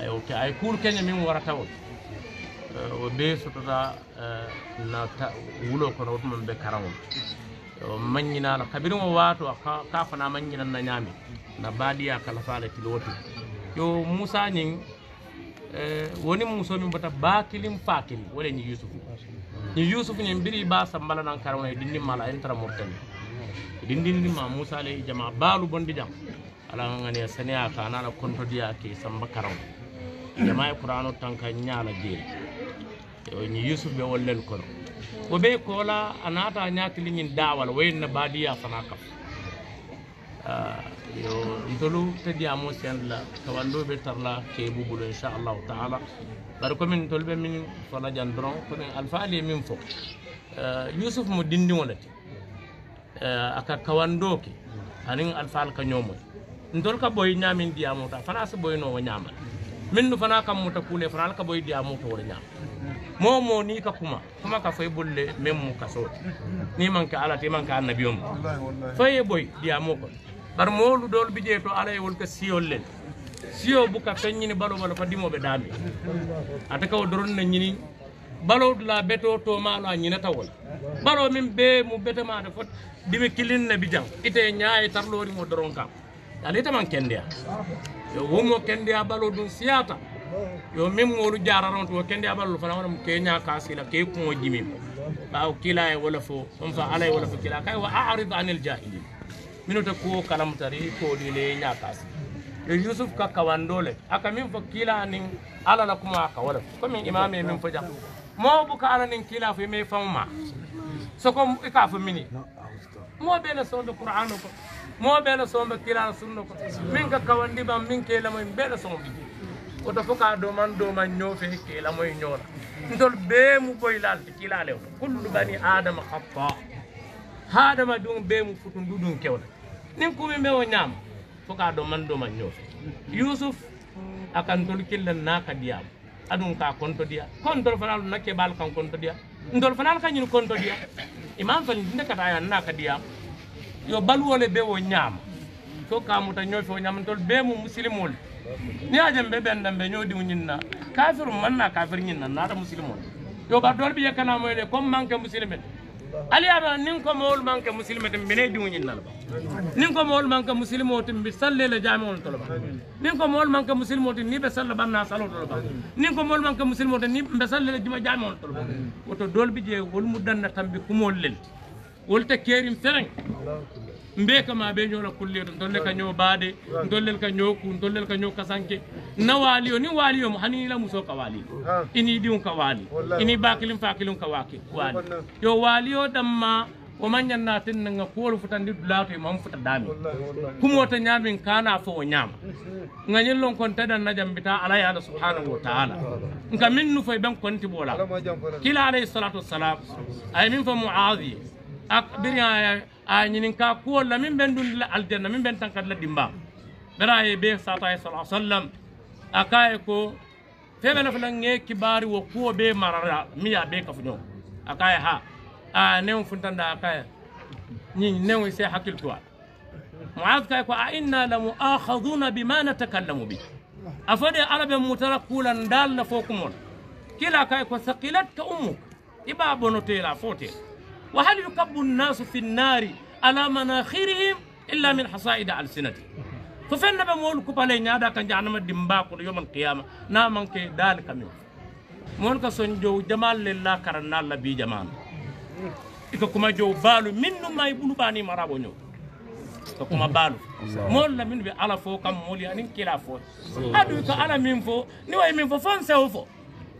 ayke ay kuur keña min warata eh, o o ɓe sotota eh, na wulo kono wotumon ɓe karawol eh, o maññinala Kabir mo waato ka fana maññinan na ñaami na baaliya kala faala kiloti yo moussa ñin woni muso min bota bakilin fakili wole ñi yusufu ñi yusufu ñin mbiri ba nan karawna e dinnimmala en tara mortani ma moussa alayhi jama baalu bondi jam ala ngani saneya ka nana kontodiya ke samba karaw jama e qur'anu tanka ñaala jeeri o ñi yusuf ɓe wollen kono ko ɓe koola a naata ñaatiliñin daawal wayenna baadiya fana kam yo ntolu tediyamo senla be tarla ke bubulo inchallahu taala bar komin tolɓe min folajan doron komin alfaali e min fo ah, yusuf mo dindiŋolete Eh, aka kawandoke anin alfal ka ñomoy ndol ka boy ñamin diyamuta fana sa boy no ñamal min nu fana kam muta kune fana ka boy diyamuta wor ñam mo mo ni ka kuma kuma ka fay bolle mem mu ka so ni man ka ala ti man ka annabi um fay boy diyamu ko bar lu dol bi to ala e wol ka siol len siyo buka feññini balo balo fa dimoɓe dami ataka kaw doron na ñini la beto to maano a ñinata wol balo min ɓe mo betemade fot kilin na bi jang ite ñaaye tarlori mo doron kam ali taman kendeya yo womo kendeya balo dun siyata yo min molu jararon to kendeya balo fana wona mo keña ka sila ke kumo jimin ɓaw kila e wala fo on fa ala e wala fo kila kay wa arid anil jahilin minota kuwo kalamtari ñaa kaasi yo yusuf ka kawandole aka min fo kila nin ala la kuma ka wala fo commin imame min fo jam moo buka ala nin kila fo me faŋ ma soko i ka fo mini moo bee le soŋ be qur'ano ko moo bee le soŋ be kila sunno ko min ka kawandi baŋ min ke lamoy bee le soŋ bi woto fo ka doman doman ñoo fe ke lamoy ñoo la ntol mu boy laal ti kila le kullu bani adama khata hadama dun bee mu futu ndu kewla nin kumi mbe o ñaama fo ka doman doman ñoo fe yusuf akantol killa naaka diyaama adun ka konto dia konto fanal na ke bal kan konto dia ndol fanal kan nyin konto dia imam fan dinde kata ya na ka dia yo bal wole be wo nyam to ka muta nyo fo nyam tol be mu muslimul, ni ajam be ben be nyo di nyinna kafir man na kafir nyinna na da muslimul yo ba dol bi yakana mo le kom manke muslimen ali ada nin ko mol man ka muslima tim bene duñi nal ba nin ko mol man ka muslimo tim bi salle le jami on tolo ba nin ko mol man ka muslimo tim ni be salle ban na salo tolo ba nin ko mol man ka muslimo tim ni be salle le juma jami on tolo ba woto dol bi je wol mu danna tambi kumol len wol te kerim fereng mbeka ma ɓe ñoola kulleto dolle ka ñoo baade dollel ka ñoo kun dollel ka ñoo kasanke na waaliyo ni wali mo hani la muso ka wali ini diw ka waali ini bakilim fakilin ka waaki waali yo wali waaliyo damma o man ñanna ten nanga kuwolu futandi dulaato mam futa kumo ta ñaamin kana fo o ñaama ngañin lon kon tadan na jambita ala yaala subhanahu wa taala nka min nu foy ɓen konti ɓoola kila alayhi salatu wassalam ay min fo moadi biriya a ñininka kuwol la min ɓen dundi la aljanna min ɓen tan kadi la dimba ɓera ye be sataye sala sallam a kaye ko feɓele fana ŋe kibari wo kuwo be marara mi ya be kafuño a kaye ha a newo funtanda a kaye ñiñ newo se hakkille tuwa moaz kaye ko a inna la muahaduna bima natakallamu bi a fode ala ɓe mutara kulan dal la fo kumol kila kaye ko sakilat ka ummuk iɓa bonotela fotel وهل يكب الناس في النار على مناخرهم إلا من حصائد ألسنتهم ففن بمول كبالي نادا كان جانما دمباكو يوم القيامة نامن كي ذلك من مول كسون جو جمال لله كرنا الله بي جمال إكو كما جو بالو من ما يبلو باني مرابو نيو ko kuma baalu moolu la minnu be ala fo kam moolu ye aniŋ kila fo aduŋ ka ala miŋ fo niŋ wa ye miŋ fo fo n sewo fo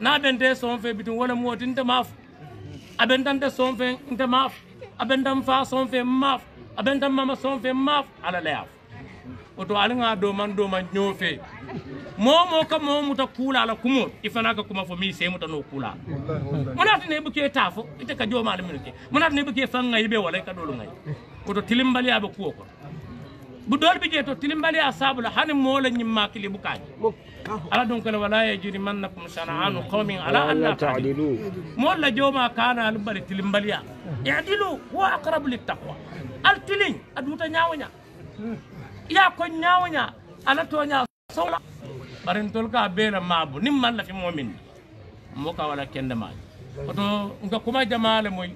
niŋ a bente soŋ fe bituŋ wo le moo tinta maa fo abendante sonfe nte maaf abendan fa sonfe maf abendan mama sonfe maaf ala le yaaf oto ali doman doman ñoo fe moo moo ka moo muta kuula ala kumo i fana ka kuma fo mii see muta n'o kuula munaati ne i bukee taa fo ite ka jo minu ke munaati ne buke bukee ibe wala i ka doolu ŋa ye oto tilimbaliyaa be kuwo kono bu dool bi jeeto tilimbali a saabula hani moola ñimma kili bukaaji ah. ala ɗum kala wala yejuri mannakum sana'anu qawmin ala alla tadilu mool la jooma kana alu bari tilimbaliya idilu wa aqrabu littaqwa al tiliñ a duuta ñaawoña ya ko ñaawoña ala toña sola barin tol ka beela maabu nim malla fi momin mo ka wala kende maaji oto nga kuma jamaale moy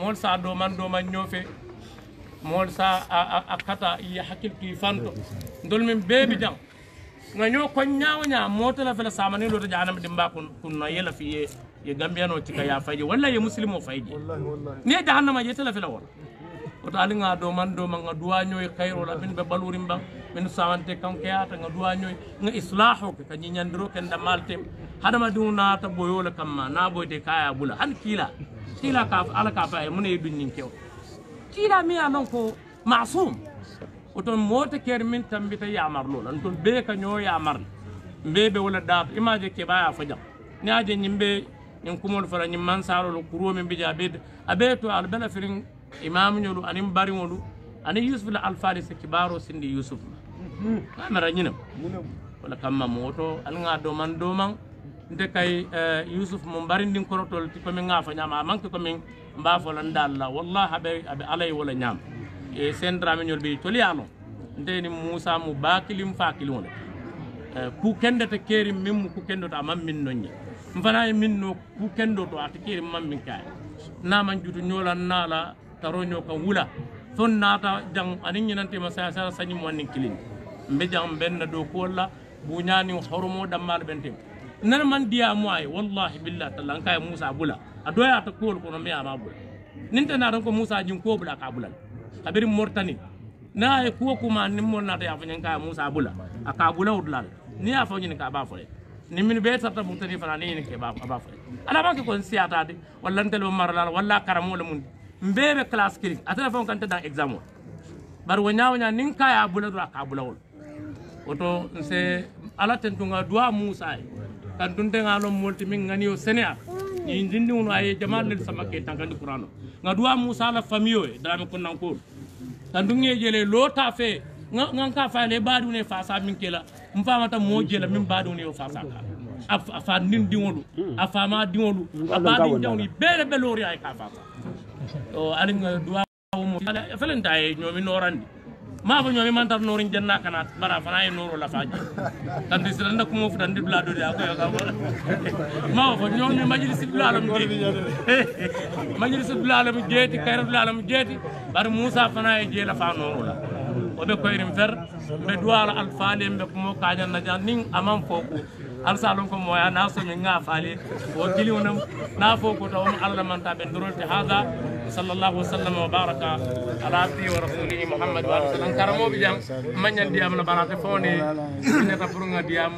mool sa doman doman ñoofe mool sa a kata ye hakkil tuyi fanto ndol min beebi jang gaño koñ ñawo ña motala fela samani lota janama dimba kunno yela fi ye ye gambiyano cika ya fayje walla ye o fayje ni e jahannama yetela fela wona oto ali ga do man do ma ga duwañoye kayrola min ɓe ɓalurim ba min sawante kanko yata ga duwañoye islah islaho ke kañi ñandiro ken dammaltem haɗama ɗum naata ɓoyole kamma na ɓoyte kaya ɓula han kiila kiila ka ala ka fa mune e ɗum ñin kiila mi a ko masum oton moota ker min tambita yamar lola ton be ka ñoo yamar mbe be wala daab imaje ke baya fo jam ni aje ñimbe ñin kumol fara ñin mansarolu kuromi mbija abed abe to al bela firin imam ñolu anin bariŋolu ani yusuf la alfali sa kibaro sindi yusuf ma mhm. amara ñinam wala kamma moto al nga do man do man nte kay eh, yusuf mo barindin korotol ti komi nga fa ñama manke komi mba folan dalla wallahi abe abe alay wala nyam e sendra men yol be toliyano ndeni musa mu bakilim fakilim wala ku kendata keri min ku kendota mam min nonni mfana e min no ku kendoto ata keri mam min kay naman jutu nyolan nala taronyo kan wula ton nata jang anin ñinante ma sa sa sañi mo ni kilin mbe jang ben do ko la bu ñani horomo dammal bente nan man diya moy wallahi billahi talanka musa bula adoyata kuwol kono mbiya ma ɓula nin te naatan ko moussa jin kuwo ɓula ka bulal kabiri mortani na ay kuwo kuma nin mol naata yaafo ñen kaya moussa ɓula a ka ɓula wudulal ni ya fo ka ɓa fole ni min ɓe tarta ɓugtani fana ni ñini ke ɓa fole ala ma ke kon siyatade walla ntel ɓe maralal walla karamole mum mbeɓe classe kiling atata fon kante dans examen o bari wo ñawoña nin kaya ɓula dura ka ɓulawol woto se ala tentunga duwa moussa e kan tuntegalo molti min ganiyo sénéal ñindindi wono aye jamal nen sama ke tangandi qur'ano nga duwa musa la famiyo e dama ko nan ko jele lota fe nga nga ka fa le badu ne fa sa min kela mfamata mo jela min badu ne fa sa ka afa nin diwolu afa ma diwolu afa din jawni bele belori ay ka fa o alin nga duwa mo felen tay ñomi norandi ma fa ñomi man tar nurin janna kana bara fana ye ya nuru la faji tan di siranda ko mo fudan di bla do ya ko ya ka ma fa ñomi majlis bilalam de majlis bilalam jeeti kayra bilalam jeeti bar musa fana ye je la fa nuru la o be koyrim fer be duwala alfaale be ko mo kajan na jan ning amam foku alsalum ko moya na so min nga na fo ko taw allah manta ɓen dorolte hada sallallahu wa baraka ala wa rasulihi muhammad wa alih sallam karamoɓe jam mañan ndiyam no barate ne nga ndiyam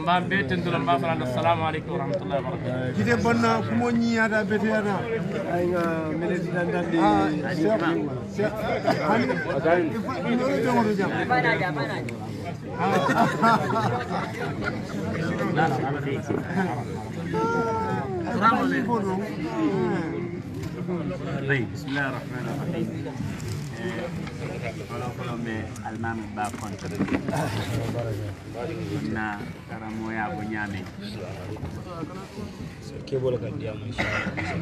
mbam be ten dulan mbam salatu assalamu alaikum warahmatullahi wabarakatuh kite bonna kumo nyiada beteyana ay nga mele dinan dandi chef chef ani no de ngodo jam bana ja bana bismillahirrahmanirrahim. holo ɓe almami ba contre na karamoya bo ñaami kebol ka diyamo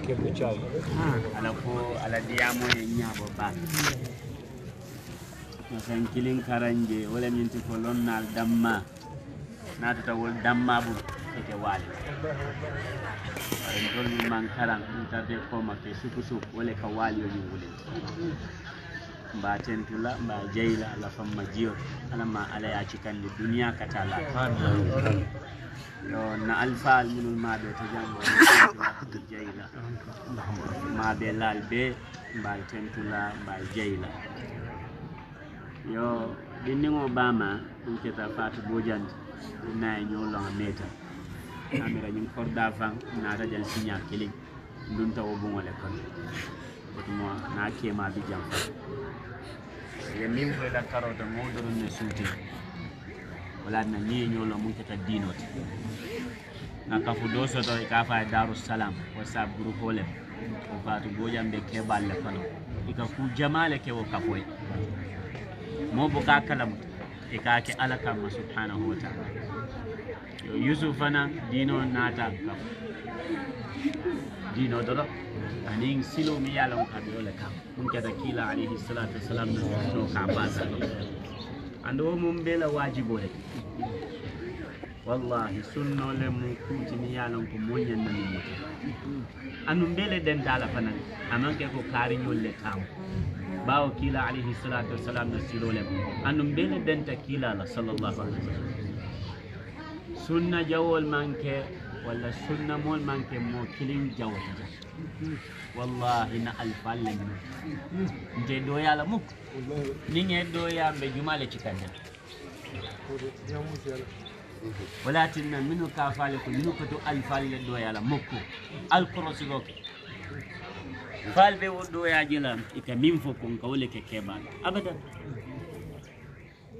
kebo cawo ala ko ala diyamo e ñaabo ba masan kilin karanje wala ñinti ko nal damma natata wol damma ɓur ete waali en tolmi man karan ɗum tarde koma ke suku suk wole ka wali o ñum wulinta mba tentula mba jeyla ala famma jiyo ala ma ala yacikandi duniya katala yo na alfaal ma maɓe to jango jeyla maɓe ma be mba tentula mba jeyla yo ɗindigo bama ɗum keta fatu bojandi ɗum nayi ñowloga meta amira ñum korɗa fan nata jan signal kilig ndum tawo bugol école kotumo na kema bi jam ye min ko la karota mo doron ne suuti wala na ni nyolo mu ta dinoti na kafu do so to ka fa darus salam whatsapp group ole o bo jam be kebal le fano ka ku jamale ke wo kafoy mo bo ka kalamu e ka ke alaka ma subhanahu wa ta'ala yusuf fana dino nata kafu dino dolo anin silo mi yalon kabilo ka mun kada kila alayhi salatu wassalam no ka basa ando mum bela wajibo le wallahi sunno le mu kuti mi yalon ko monyan nan mi anu bele den dala fanan aman ke ko kari nyolle kam bawo kila alayhi salatu wassalam no silo le anu bele den ta kila la sallallahu alaihi wasallam sunna jawol manke ولا السنة مول من كم موكلين جوجة والله إن ألف علم نجي دويا لمو نيجي دويا بجمالة كذا ولكن منو كافالك منو كتو ألف علم دويا لمكو الكروس لوكي فالبي ودويا جلام إذا مين فوكون كولك كبار أبدا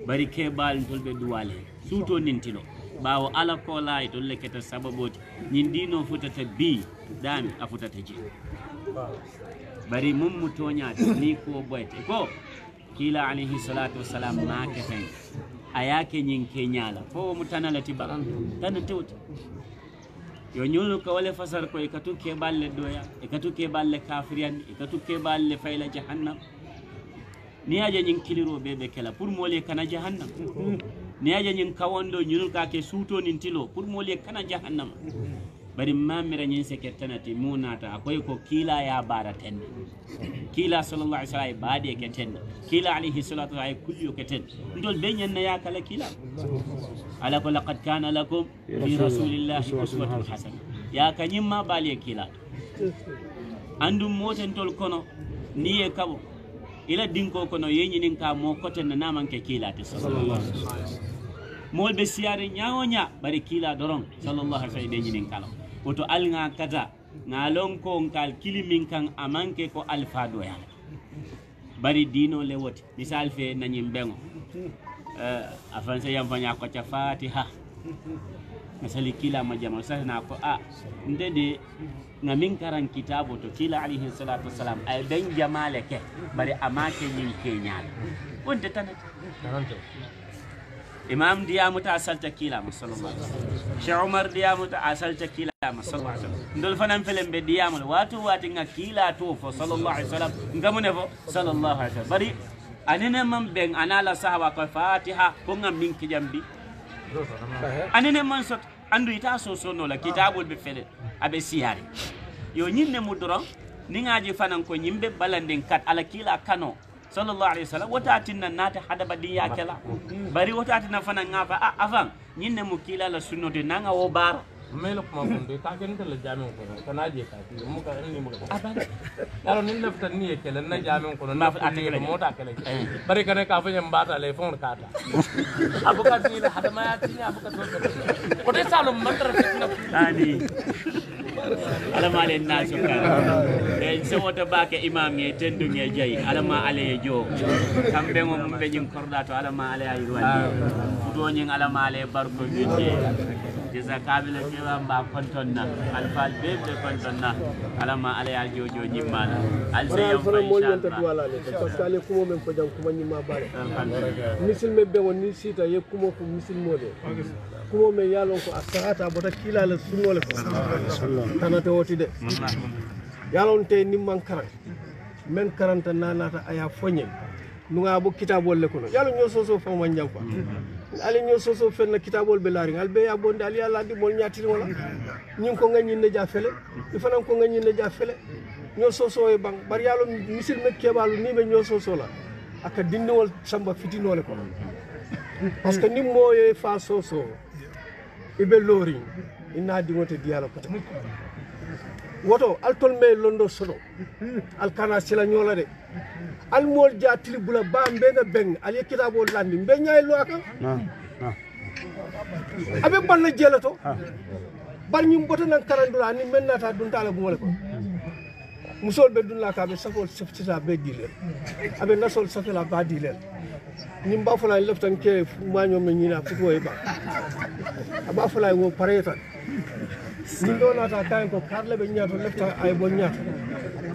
bari kebal tolbe duwale suto nintilo bawo ala ko laayi ɗon e lekketa sababuji ñin ɗino futata bi dami a futata je bari mum mutonya ni ko boyte ko kila alayhi salatu wassalam ke fen a nyin ke ñaala fo mutana lati ba tana tuti yo ñolu ko wale fasar ko e katu keɓalle doya e katu keɓalle kafiriyan e katu keɓalle fayla jahannam ni aje nyin kiliro bebe kela pour mole kana jahannam neje ñin kawondo ñunul ka ke nin tilo pour mole kana jahannama bari mamira nyin sekertana ti munata akoy ko kiila ya baara tenne kiila sallallah alih sallam baade ke tenne kiila alaihi salatu wa ye kulliyo ke tenne ntol be na ya kala kiila ala ko laqad kana lakum fi rasulillahi uswatun hasana ya kanyin ñimma baali ye kiila andum mootentol kono ni ye kabo ila dinko kono ye ñinin ka mo kote na namanke kiilate mool ɓe siyare ñawo ña bari kiila doron sallallahu alih sallam ɓe ñinin kala woto alga kata ngalon ko nkal kili min kan amanke ko ya bari dino le wote misal fe nañin ɓeŋo uh, eh, a français yam faña cha fatiha kila majama jama na ko a ah, ndede nga min karan kitabo to kila alayhi salatu wassalam ay dan jamale ke bare amake nyin kenyal wonde tan imam diya muta asalta kila ma sallallahu alaihi wasallam sheikh umar diya muta asalta kila ma sallallahu alaihi wasallam ndol fanan felen be diya mul watu wati nga kila to fo sallallahu alaihi wasallam ngamune fo sallallahu alaihi wasallam bari anene man ben anala sahaba ko fatiha ko ngam min kijambi anene man sot andu ita soso no la kitabul be fele abe siyari yo nyinne mu doron ni ngaji fanan ko nyimbe balanden kat ala kila kano sallallahu alaihi wasallam wata tinna nata hadaba din ya kala bari wata tinna fanan ngafa a afan nyinne mu kila la sunnote nanga wo bara mai la kuma kunde ka gani da lajamin kuno ka na je kafi mu ka ni mu ka aban yaro nin laftan ni yake lan na jamin kuno na fa ta gele mota kale bare kare ka fa jamba ta le fon ka ta abuka ti la hada ma ya ti ni abuka to ka ko dai salum mantar fitna tani alama ale na suka e eh, sewota bake imam ye tendung ye jayi alama ale ye jo kambe ngom mbe jing korda to alama ale ah. ayi wani do nyin alama ale barko je disa kabila keɓa mba kontonna alfal be ɓe ala ma ala ya jojo jimmala alse yam fa inchallah parce ale kumo men kwa jam kuma ñimma baale ni ye kumo ko misilmode kumo men yalon ko a sahata bota kiilale sunnole fo tanate woti de yalon te nimman karan men karanta nanata aya foñen nuga bo kono yalo fama alen yo soso fenna kitabol be laari ngal be ya bonde ali ala di mol nyaati la ñing ko nga ñinde ja fele i fanan ko nga ñinde ja fele ño soso e bang bar yalo misil me kebalu ni be ño soso la aka dindiwol samba fitinole ko parce que ni moye fa soso ibe lori ina dingote diyala ko woto altol me londo sodo kana sila ñola de almol ja tilibula ba mbena beng ali kitabo landi mbenya ilo aka na na abe banna jelato bar nyum boto nan karandula ni menna ta dun tala gumale ko musol be dun la ka be safol safita be dile abe nasol safela ba dile ni mba fala leftan ke ma nyom me ñina futo e ba aba fala wo pareta ni do na ta tan ko karle be nyato lefta ay bo nyato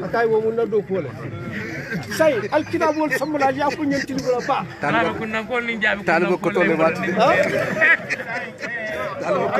akay wo mun do ko le sai alkitabu wal samla ya ko nyen tin gola ba tala ko nan ko ni jabi ko wat ko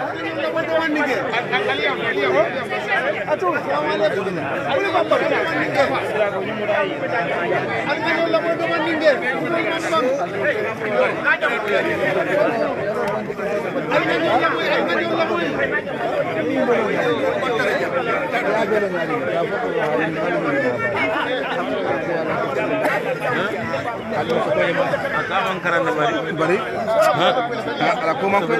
Akawan karan bari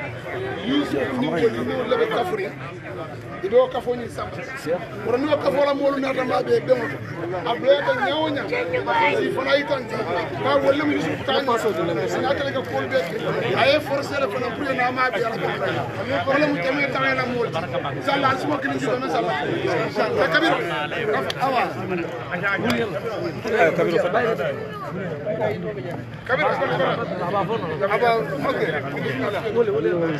use lebe kafuri ibe o kafo ni samba ora ni o kafo la molu na tamba be be mo ablo ka nyawo nya si fana itan ka wolle mu yusuf tan ma so de le sin atale ka kol be aye forcer le fana pour na ma bi ala ka wala mu teme tan na mol sala al smo kini jibo na sala ka kabir awa kabir fa kabir aba aba ولي ولي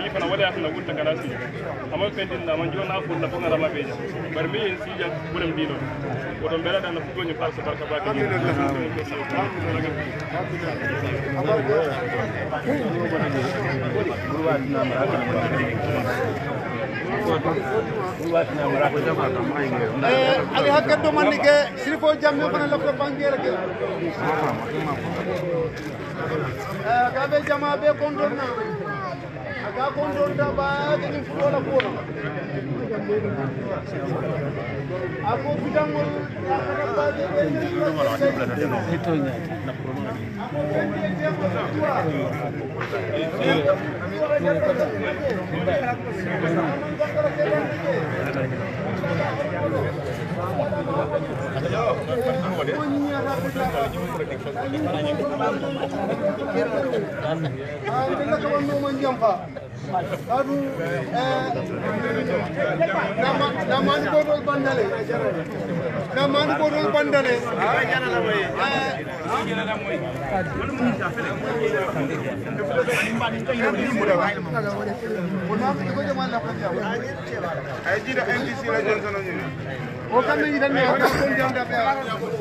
mi fana wada na gunta kala si amma pendin da man jona ko da fona rama bar mi en si ja buram dino ko don bela da na ni farsa barka ba ka eh, ali hakke do man ga kondonda baya ganin fulo na kona ako bidangol Yo, Aduh, eh,